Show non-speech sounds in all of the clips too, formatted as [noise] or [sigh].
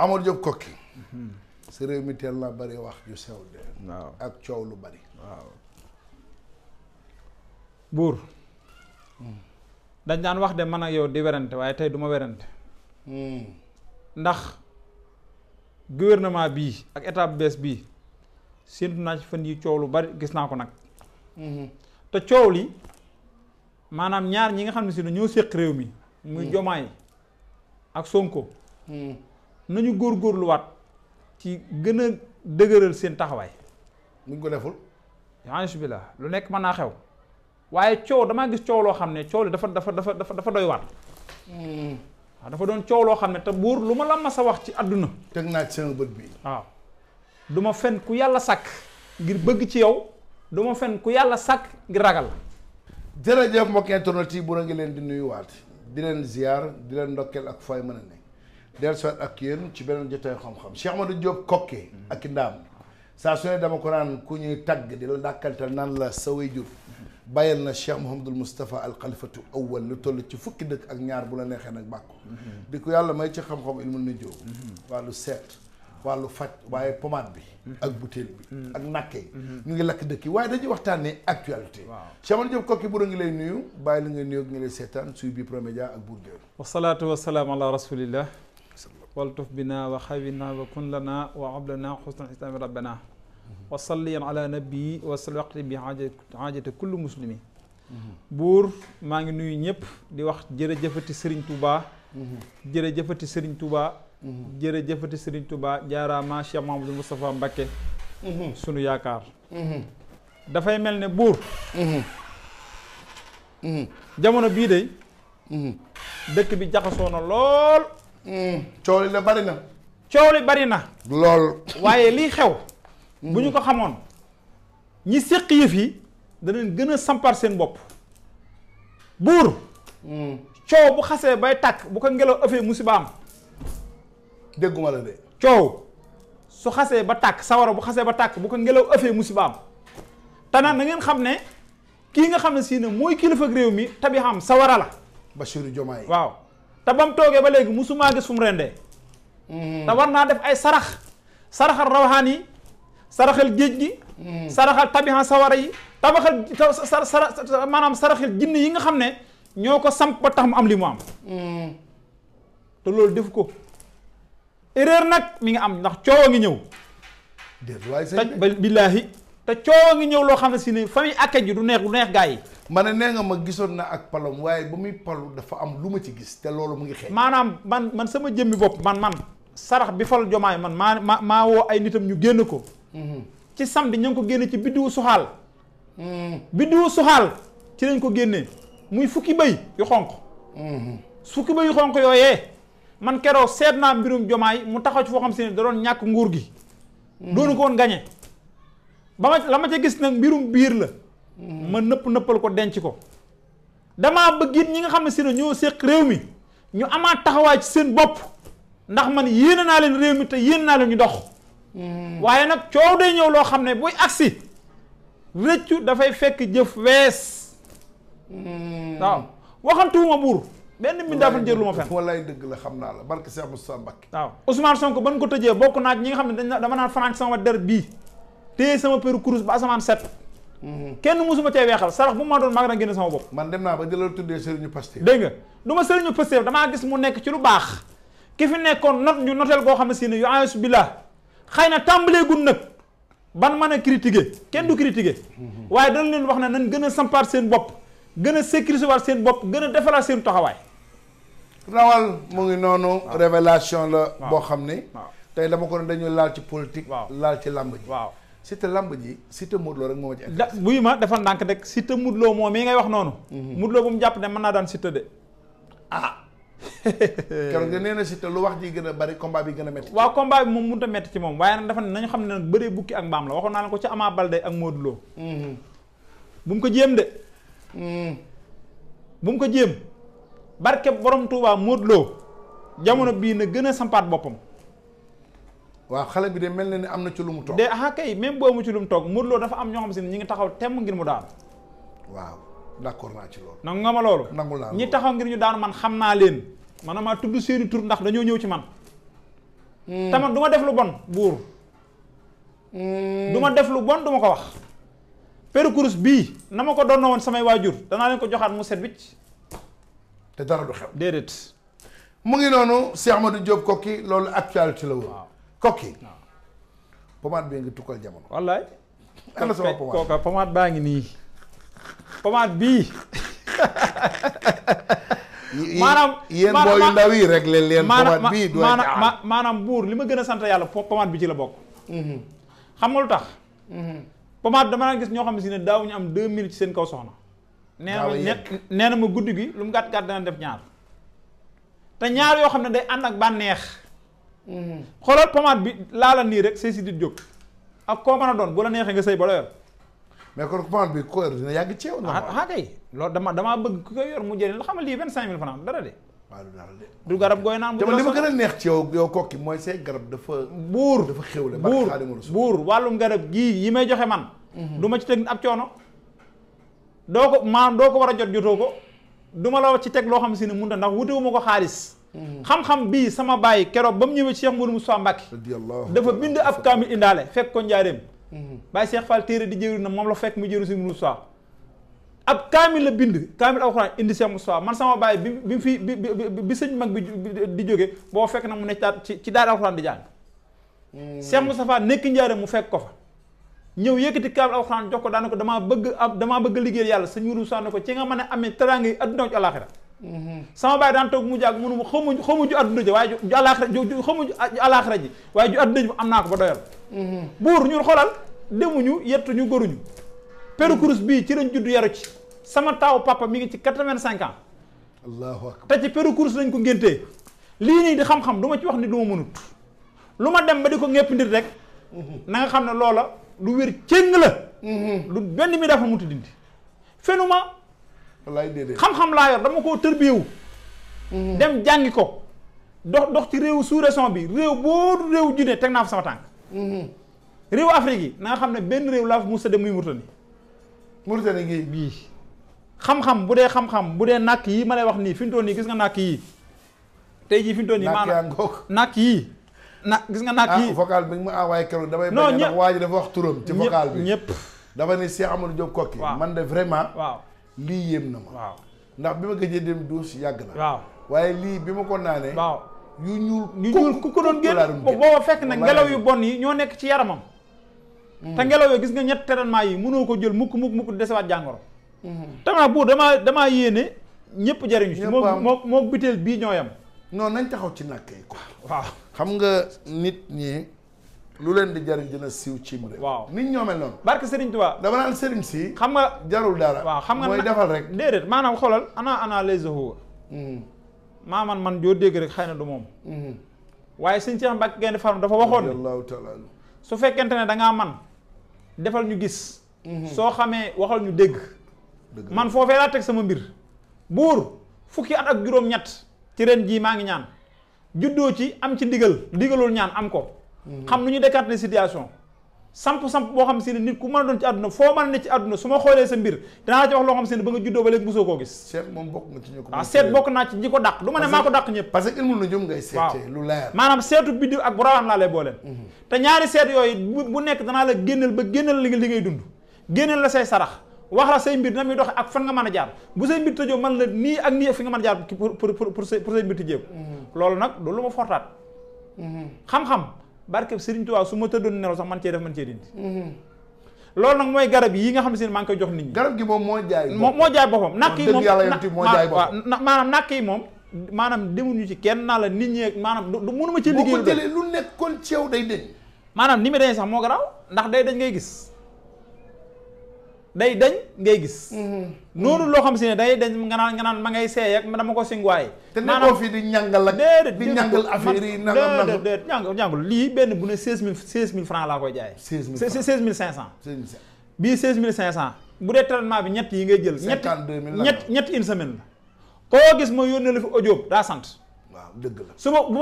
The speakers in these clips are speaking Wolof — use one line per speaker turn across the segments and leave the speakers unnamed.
amul Diop Kokki sa réew mi teel naa bari wax ju sew de waaw ak coow lu bari waaw
buur dañ daan wax de mën a yow di werante waaye tey duma werante hmm. ndax gouvernement bii ak état bu bees bi séntu naa ci fan yi coow lu bari gis naa ko nag hmm. te coow li maanaam ñaar ñi nga xam ne si ne ñoo séq réew mi muy jomaay hmm. ak sonko nañu góor góorgóorluwaat ci gën a dëgëral seen taxawaay. muñ ko deful. alhamdulilah lu nekk mën naa xew waaye coow damaa gis coow loo xam ne coow li dafa dafa dafa dafa doy waat. Hmm. waaw dafa doon coow loo xam ne te buur lu ma la mas a wax ci àdduna. teg naa ci sama bët bi. waaw du ma fen ku yàlla sàkk
ngir bëgg ci yow duma ma ku yàlla sàkk ngir ragal la. jërëjëf mbokk internet yi bu ngi leen di nuyuwaat di leen ziar di leen ndokkeel ak fooy mën a ne dellusiwaat ak yéen ci beneen jotaay xam-xam ma Amadou Diop kokke ak i ndaam saa su ne dama ko naan ku ñuy tagg di la dàkkantal naan la sa waajur bàyyil na Cheikh Mouhamadul Moustapha al xalifatu awwal lu toll ci fukki dëkk ak ñaar bu la neexee nag bàkku di yàlla may ci xam-xam ilmu nujum wàllu seet wàllu faj waaye pomaat bi ak butéel bi ak nakke ñu ngi lakk dëkk yi waaye dañuy waxtaanee actualité Cheikh Amadou Diop kokki bu ngi lay nuyu bàyyi la nga nuyu seetaan suy bi promédia ak buur géer
wasalaatu wasalaam ala waltuf bina wa xawina wa kun lana wa ablana xusna islaami rabbana wa salliyan ala nabii wa sal waqti bi xaajate kullu muslimi buur maa ngi nuyu ñëpp di wax jërëjëfati sëriñ Touba. jërëjëfati sëriñ Touba. jërëjëfati sëriñ Touba jaaraama Cheikh Mahamadou Moustapha Mbacké sunu yaakaar dafay mel ne buur jamono bii de dëkk bi jaxasoo na lool Mm. coow li na bari na. coow li bari na. lool waaye lii xew. bu ñu ko xamoon ñi séq yëf yi danañ gën a sampar seen bopp. buur. Mm. coow bu xasee bay tàkk bu ko ngelaw ëffee musibaam. dégguma de. coow su xasee ba tàkk sawara bu xasee ba tàkk bu ko ngelaw ëffee musibaam. tanaan na ngeen xam ne kii nga xam ne si ne mooy kilifa réew mi tabi xam sawara la. Bassirou Diomaye waaw. te ba mu toogee ba léegi musumaa gis fu mu rendee mm-hmm. te war naa def ay sarax saraxal rawaxaan yi saraxal géej gi mm-hmm. saraxal tabihan sawara yi tabaxal sara maanaam saraxal jinn yi nga xam ne ñoo ko samp ba tax mu am li mu am
mm-hmm.
te loolu def ko erreur nag mi ngi am ndax coow a ngi ñëw te billaahi te coow a ngi ñëw loo xam ne si ne famille akkat ji du neex du neex gaa yi ma ne nee nga ma gisoon na ak palom waaye ba muy palu dafa am lu ma ci gis te loolu mu ngi xeeñ maanaam man man sama jëmmi bopp man man sarax bi fal jomaay man maa maa woo ay nitam ñu génn ko mhm. ci samedi ñu ko génne ci biddiwu suxaal mhm. biddiwu suxaal ci lañ ko génnee muy fukki bëy yu xonq mhm. fukki bëy yu xonq yooyee man keroog seet naa mbirum jomaay mu taxaw ci foo xam si ne da doon ñàkk nguur gi doonu ko woon gañe ba ma la ma ca gis nag mbirum biir la ma nëpp nëppal ko denc ko damaa bëgg it ñi nga xam ne si ne ñoo séq réew mi ñu amaat taxawaay ci seen bopp ndax man yéene naa leen réew mi te yéene naa leen ñu dox mm. waaye nag coow day ñëw loo xam ne buy agsi rëccu dafay fekk jëf wees mm. waaw waxantuwuma buur benn mi daafal jër lu ma fen wallaay dëgg la xam naa ko tëjee bokk naa ñi nga xam ne dañ dama naan franc sama der bii téye sama péru kurus ba asamaan set kenn musuma cee weexal sarax bu ma doon maa ngi daan génne sama bopp man dem naa ba di la tuddee sëriñu Pastef dégg nga sëriñu Pastef damaa gis mu nekk ci lu baax ki fi nekkoon not ñu noteel goo xam ne si ne yu ayus billah xëy na tàmbalee nag ban mën a critiquer kenn du critiquer waaye dañ leen wax na nañ gën a sampaat seen bopp gën a sécuriser seen
bopp gën a defaraat seen taxawaay rawal mu ngi noonu révélation la boo xam ne tey dama ko ne dañu laal ci politique laal ci làmb waaw Siteu lamb ji Siteu Modou Lo rek moo ma ci da buy ma dafa ndànk rek Siteu Modou Lo moom mii ngay wax noonu. Mhm. Modou Lo bu mu jàpp
de mën naa daan Siteu de ah.
[laughs] keroog nga nee na Siteu lu wax ji gën
a bari combat bi gën a métti. waaw combat bi moom mënut a ci moom waaye nag dafa ne xam ne nag bëree bukki ak mbaam la waxoon naa la ko ci Ama Baldé ak Modou Lo. Mhm. bu mu ko jéem de. Mhm. bu mu ko jéem barke borom Touba Modou Lo jamono bii na gën a sampaat boppam.
waaw xale bi de mel na ni am na ci lu mu
toog. de ah kay même boo mu ci lu mu toog Modou Lo dafa am ñoo xam si ne ñi ngi taxaw temm ngir mu daan.
waaw d'accord naa ci loolu.
nangu nga ma loolu. nangu naa ñi taxaw ngir ñu daan man xam naa leen. man maa tudd seeni tur ndax dañoo ñëw ci man. Hmm. tamit du ma def lu bon buur.
Hmm.
du ma def lu bon du ma ko wax. parcours bii na ma ko doon woon samay waajur danaa leen ko joxaat mu set wicc.
te dara du xew déedéet. mu ngi noonu Cheikh Amadou Diop Koki loolu actualité la kokki ah. pomade bi nga tukkal jamono. wallaay.
ana sama
baa ngi nii. pomade bii. [laughs] maanaam yéen booy yu ndaw yi leen leen. pomade bii doy
maanaam buur li ma gën a sant yàlla pomade bi ci la bokk. Mm-hmm. xam nga lu tax. Mm-hmm. pomade dama naa gis ñoo xam ne si ne daawuñu am deux minutes ci seen kaw soxna. waaw nee na ma guddi gi lu mu gàtt gàtt dana def ñaar. te ñaar yoo xam ne day ànd ak bànneex. xoolal pommade bi laala nii rek say si di jóg ak koo mën a doon bu la neexee nga sëy ba la yor mais kon pommade bi ko yor dina yàgg ceew ah, na ah kay loolu dama damaa bëgg ku koy yor mu jële la xam nga lii vingt cinq mille francs dara de waaw du dara de du garab gooy naan dama a
neex ci yow yow kokki mooy say garab dafa buur dafa xewle buur buur wàllum garab gii yi may joxe man
mhm. du ma ci teg ab coono doo ko maanaam doo ko war a jot jotoo ko du ma la ci teg loo xam si ne mënta ndax wutewuma ko xaalis Mm-hmm. xam-xam bii sama bàyyi keroog ba mu ñëwee Cheikh mu Moussa Mbacke dafa bind ab kaamil indaale fekk ko njaareem mm-hmm. bàyyi Cheikh Fall téere di jëru na moom la fekk mu jëru si Moussa ab kaamil la bind kaamil alxuraan indi Cheikh Moussa man sama bàyyi bi bi fi bi bi sëñ mag bi di jóge boo fekk na mu ne ci ci daara alxuraan di jàng mm-hmm. Cheikh Moustapha nekk njaareem mu fekk ko fa ñëw yëkkati kaamil alxuraan jox ko daana ko damaa bëgg damaa bëgg liggéey yàlla sëñ Mourou Moussa ne ko ci nga man ne amee teraanga yi adduna ci àlaxira sama baay daan toog mu jàgg mënu ma xamuñu xamuñu adduna ji waaye ju alaaxira ju xamuñu alaaxira ji waaye ju adduna ji am naa ko ba doyal buur ñun xoolal demuñu yettuñu goruñu pérécourse bii ci lañ judd yaru ci sama taaw papa mi ngi ci quatre-vingt-cinq ans te ci pérécourse lañ ko ngéntee lii nii di xam-xam du ci wax ni du ma mënut lu ma dem ba di ko ñépp ndir rek na nga xam ne loola lu wér cëng la mm-hmm. lu benn mi dafa muti dindi fenuma xam-xam laa yor dama koo tërbiyewu mhm. dem jàngi ko dox dox ci réew sous-région bi réew boo réew junne teg naa fa sama tànk mhm. réew Afrique yi na xam ne benn réew laa fa musa dem muy Mauritanie Mauritanie bu dee xam-xam bu dee nàkk yi ma wax nii fi mu toll nii gis nga nakk yi tey jii fi mu toll nii maanaam yi
na gis nga nàkk ah, yi vocal bi mu envoyé keroog damay bañ a ndax waa wax turam ci vocal ñëpp dafa ne Cheikh Amadou Diop Kokki man de vraiment lii yéem na ma. waaw ndax bi ma gëjee dem douche yàgg na. waaw waaye lii bi ma ko naanee. waaw yu ñuul. yu ñuul ku
ko doon génn booba fekk na ngelaw yu bon yi ñoo nekk ci yaramam. Mm. te ngelaw yoo gis nga ñett traitement yi mënoo ko jël mukk mukk mukk desewaat jàngoro. Mm-hmm. tamit nag bu damaa damaa yéene
ñëpp jariñu si moo moo moo biteel bii ñooyam non nañ taxaw ci nakk yi quoi. waaw xam nga nit ñi. lu leen di jariñ dina siiw cim rek waaw nit ñoo mel noonu barke Serigne Touba dama naan Serigne si xam nga jarul dara a xam nga mooy defal rek déedéet maanaam xoolal ana
ana les hu maa man man dégg rek xëy na du moom hmm. waaye Serigne Cheikh Mbacke Gaïndé Fatma dafa waxoon allahu taala su fekkente ne da man defal ñu gis hmm. soo xamee waxal ñu dégg man foofee laa teg sama mbir buur fukki at ak juróom-ñett ci ren jii maa ngi ñaan juddoo ci am ci diggal ndigalul ñaan am ko xam nu ñu décarté situation samp-samp boo xam si ne nit ku mën a doon ci àdduna foo mën a ne ci àdduna su ma xoolee sa mbir danaa ci wax loo xam si ne ba nga juddoo ba léegi mosoo koo gis seet moom bokk nga ci ñu ko dàq du ma ne maa ko dàq ñëpp parce que ilmul na jëm ngay seetee lu maanaam seetu biddiw ak bu rawaan laa lay booleen mhm. te ñaari seet yooyu bu nekk danaa la génneel ba génneel li ngay dund génneel la say sarax wax la say mbir na muy ak fan nga mën a jaar bu say man fi nga mën a jaar pour pour pour say mbir barke Serigne Touba su ma tëddoon nelaw sax man cee def man cee dindi mhm. loolu nag mooy garab yi nga xam ne si maa ngi koy jox nit ñi garab gi moom moo jaay moom moo jaay boppam nakk yi moom maanaam nakk yi moom maanaam demuñu ci kenn naa la nit ñi maanaam du mënuma ci liggéey lu nekkoon ci yow day deñ maanaam ni mu dañ sax moo garaaw ndax day dañ ngay gis day dañ ngay gis. Mm-hmm. noonu loo xam si ne day dañ nga naan nga naan ma ngay seey ak dama ko singuwaay. te nekkoo fi di ñàngal ak déedéet di ñàngal affaire yi nangam nangam déedéet ñàngal ñàngal ne seize mille yi ngay jël. cinquante deux mille ñett ñett une semaine la. koo gis ma yónnee la fi audio daa sant. waaw dëgg la su ma bu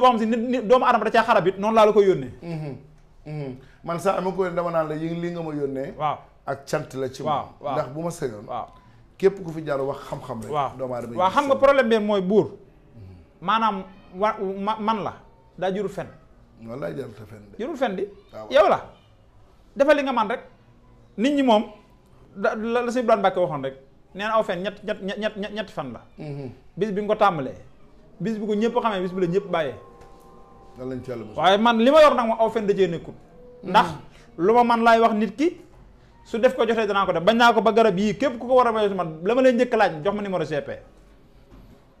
xam si ne doomu
aadama da caa xarab it noonu laa la koy yónnee. Mm-hmm. Mm-hmm. man sax am na ko naan la yéen nga ma yónnee. waaw ak cant la ci moom ndax ma sëñoon waaw képp ku fi jaar wax xam-xam rek waaw doomu aadama waaw xam nga
problème bi mooy buur
mm-hmm. maanaam wa ma man la daa
juru fen wallaay jarul te fen de di ah, yow la defal li nga man rek nit ñi moom da la si daan Mbàkke waxoon rek nee na aw fen ñett ñett ñett ñetti fan la mm-hmm. bis bi nga ko tàmbalee bis bi ko ñëpp xamee bis bi la ñëpp bàyyee waaye man li ma yor nag moom aw fen da cee ndax mm-hmm. lu ma man laay wax nit ki su def ko jotee danaa ko def bañ naa ko ba garab yii képp ku ko war a ma man la ma leen njëkk laaj jox ma numéro CP.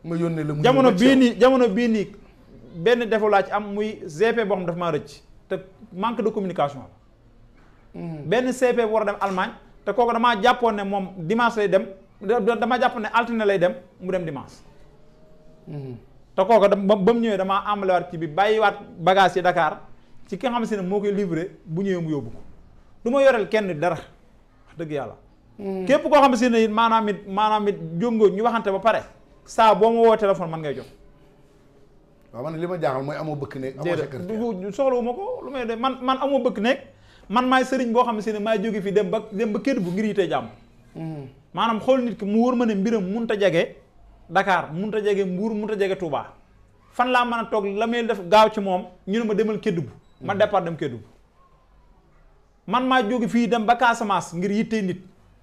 ma jamono bii nii jamono bii nii benn defu ci am muy CP boo xam dafa maa rëcc te manque de communication mm-hmm. benn CP bu war a dem Allemagne te kooku damaa jàppoon ne moom dimanche lay dem damaa jàppoon ne altine lay dem mu dem dimanche. Mm-hmm. te kooku da ba mu ñëwee damaa ambalewaat ci bi bàyyiwaat bagage yi Dakar ci ki xam si ne moo koy livré bu ñëwee mu yóbbu ko. du ma yoreel kenn dara wax dëgg yàlla. Hmm. képp koo xam si ne it maanaam it maanaam it jóngoo ñu waxante ba pare saa boo ma woo téléphone man ngay jox.
waaw man li ma jaaxal mooy amoo bëkk
néeg amoo secrétaire soxlawu ma ko lu may de man man amoo bëkk néeg man maay sëriñ boo xam si ne maay jóge fii dem ba dem ba kër bu ngir yite jàmm. Hmm. maanaam xool nit ki mu wóor ma ne mbiram mënut a jege dakaar mënut a jege Mbour mënut a jege tuubaa fan laa mën a toog la may def gaaw ci moom ñu ne ma demal bu ma hmm. départ dem Kédougou man maa jóge fii dem ba Casamance ngir yitte nit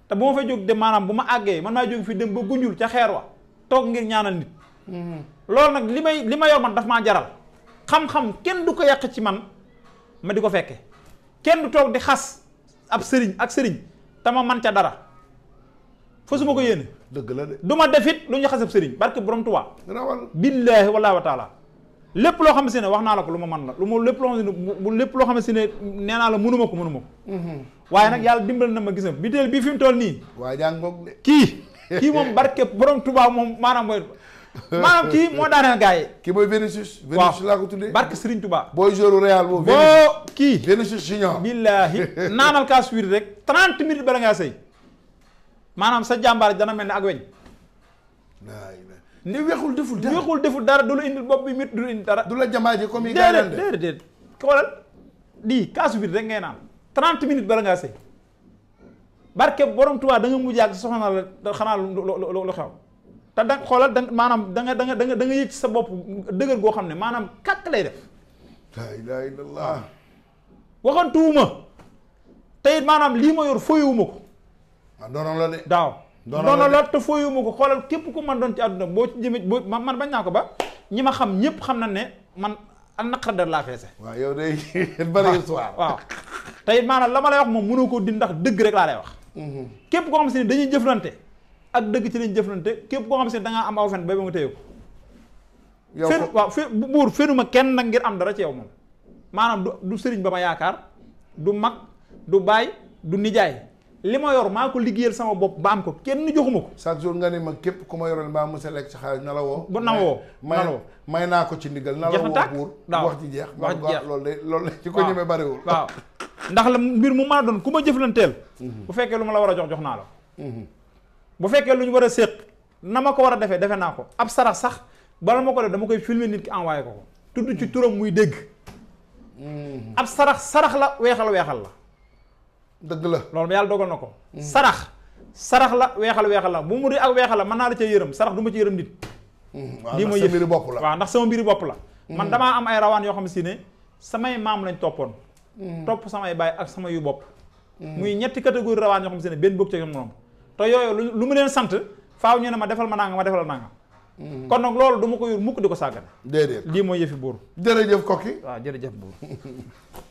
te bu ma fa jóg dem maanaam bu ma àggee man maa jóg fii dem ba Gunjul ca xeer wa toog ngir ñaanal nit mm-hmm. loolu nag li may li ma yor man daf ma jaral xam-xam kenn du ko yàq ci man ma di ko fekke kenn du toog di xas ab sëriñ ak sëriñ te ma man ca dara fa su ma ko yéene dëgg la de defit lu ñu xas ab sëriñ barke borom Tuubaa rawal billaahi wallaahi wa lépp loo xam si ne wax naa la ko lu ma man la lu ma lépp loo xam si ne loo xam ne nee naa la mënuma ko mënuma ko mhm. waaye nag yàlla dimbal na ma gisam biteel bii fi mu toll nii waa jàngoog de kii kii moom barke borom tubaab moom maanaam mooy
[laughs] maanaam kii moo
daaneel gars yi kii mooy Vinicius Vinicius laa ko tuddee barke Serigne Touba
booy boo
kii Vinicius Junior billaahi [laughs] naanal kaas wiir rek trente minutes bala ngaa maanaam sa jàmbaar dana mel ne ak weñ ne weexul deful dara deful dara du la indil bopp bi mit du la indil dara. du la jamaaje comme yi. gars yi déedéet déedéet xoolal di kaasu biir rek ngay naan 30 minutes bala ngaa sëy barke borom Tuubaa da nga mujj ak soxna la xanaa lu lu xew. te da xoolal da maanaam da nga da nga da nga da nga yëg sa bopp dëgër goo xam ne maanaam kàkk lay def.
la ilaha
maanaam lii ma yor foyewuma ko.
ah daaw. ndono la
te fooyuma ko xoolal képp ku man doon ci àdduna boo ci jëmee boo man bañ naa ko ba ñi ma xam ñëpp xam na ne man al naqar da laa feese waaw yow day [laughs] waaw tey maanaam la ma lay wax moom mënoo koo di ndax dëgg rek laa lay wax mhm. képp koo xam si ne dañuy jëflante ak dëgg ci lañ jëflante képp koo xam si ne da am aw fen bay ba ma téye ko yow fen waaw fe buur fenuma kenn nag ngir am dara ci yow moom maanaam du du sëriñ ba ma yaakaar du mag du baay du
nijaay li ma yor maa ko liggéeyal sama bopp ba am ko kenn joxuma ko. chaque jour nga ne ma képp ku ma yoral mbaa mu sa lekk na la woo. ba na woo na la may naa ko ci ndigal. na la woo buur wax ji wax ji jeex loolu de loolu de ci ko ñemee bariwul. waaw ndax la mbir mu mën ku ma jëflanteel.
Mhm. bu fekkee lu la war a jox jox naa la. Mhm. bu fekkee lu ñu war a séq na ma ko war a defee defe naa ko ab sarax sax bala ma ko def dama koy filmer nit ki envoyé ko ko. tudd ci turam muy dégg. Mhm. ab sarax sarax la weexal weexal la. dëgg la loolu yàlla dogal na ko. sarax sarax la weexal weexal la bu mu di ak weexal la mën naa la cee yërëm sarax du ma ci yërëm nit.
lii mooy yëf waaw
ndax sama mbiri bopp la. man mm. damaa am ay rawaan yoo xam si ne samay maam lañ toppoon. Mm. topp samay baay ak sama yu bopp. Mm. muy ñetti catégorie rawaan yoo xam si ne benn bokk ci moom. te yooyu lu mu leen sant faaw ñu ne ma defal ma naa nga ma defal nangam. kon nag loolu duma ko yor mukk di ko sàggane. déedéet lii mooy yëfi buur. jërëjëf kokki waaw jërëjëf buur [laughs]